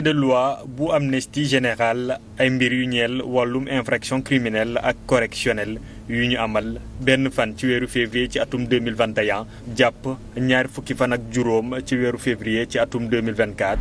projet de loi bu amnistie général ay mbir yu ñeel wàllum infraction criminelle ak correctionnelle yu ñu amal benn fan ci weeru février ci atum 2021 jàpp ñaar fukki fan ak juróom ci weeru février ci atum 2024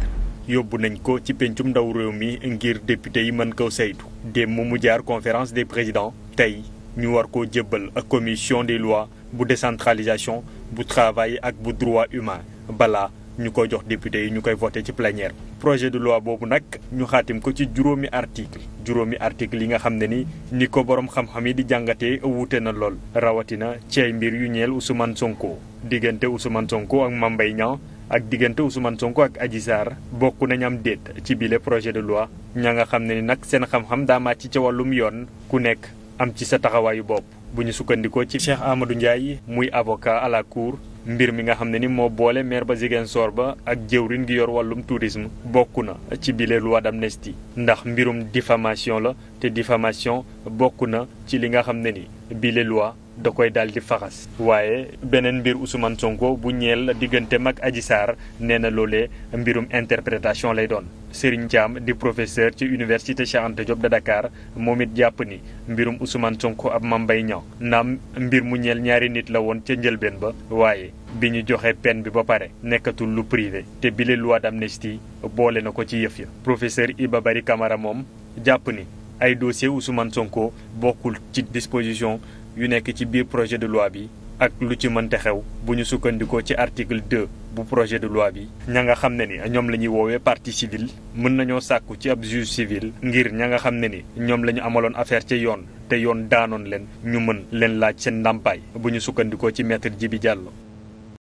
yóbbu nañ ko ci pencum ndaw réew mi ngir député yi mën ko saytu démb mu mu jaar conférence des présidents tey ñu war koo jébbal ak commission des lois bu décentralisation bu travail ak bu droit humain bala ñu ko jox député yi ñu koy voté ci plénière projet de loi boobu nag ñu xaatim ko ci juróomi article juróomi article yi nga xam ne ni ni ko boroom xam-xam yi di jàngatee wuute na lool rawatina ci ay mbir yu ñeel Ousmane sonkoo diggante Ousmane Sonko ak Mame Mbaye Niang ak diggante Ousmane Sonko ak Adji bokk nañ am déet ci bile projet de loi ña nga xam ne ni nag seen xam-xam daa ci ca wàllum yoon ku nekk am ci sa taxawaayu bopp bu ñu sukkandikoo ci Cheikh Amadou Ndiaye muy avocat la cour mbir mi nga xam ne ni moo boole maire ba Ziguinchor ba ak jëwrin gi yor wàllum tourisme bokk na ci bile loi d'amnistie ndax mbirum diffamation la te diffamation bokk na ci li nga xam ne ni bile loi da koy daal di faxas waaye beneen mbir Ousmane Sonko bu ñeel diggante mag Adji Sarr nee na loolee mbirum interprétation lay doon Serigne Thiam di professeur ci université Cheikh Anta de Dakar moom it jàpp ni mbirum Ousmane Sonko ab Mame Mbaye Niang naam mbir mu ñeel ñaari nit la woon ca njëlbeen ba waaye bi ñu joxe peine bi ba pare nekkatul lu privé te bile loi d'amnistie boole na ko ci yëf ya professeur Iba Barry kamara moom jàpp ni ay dossier Ousmane Sonko bokkul ci disposition yu nekk ci biir projet de loi bi ak lu ci mënte xew bu ñu sukkandikoo ci article bu projet de loi bi ña nga xam ne ni ñoom la ñuy woowee partie civile mën nañoo sàkku ci ab juge civil ngir ña nga xam ne ni ñoom lañu amaloon affaire ci yoon te yoon daanoon leen ñu mën leen laaj seen ndàmpaay bu ñu sukkandikoo ci maître Djibi Diallo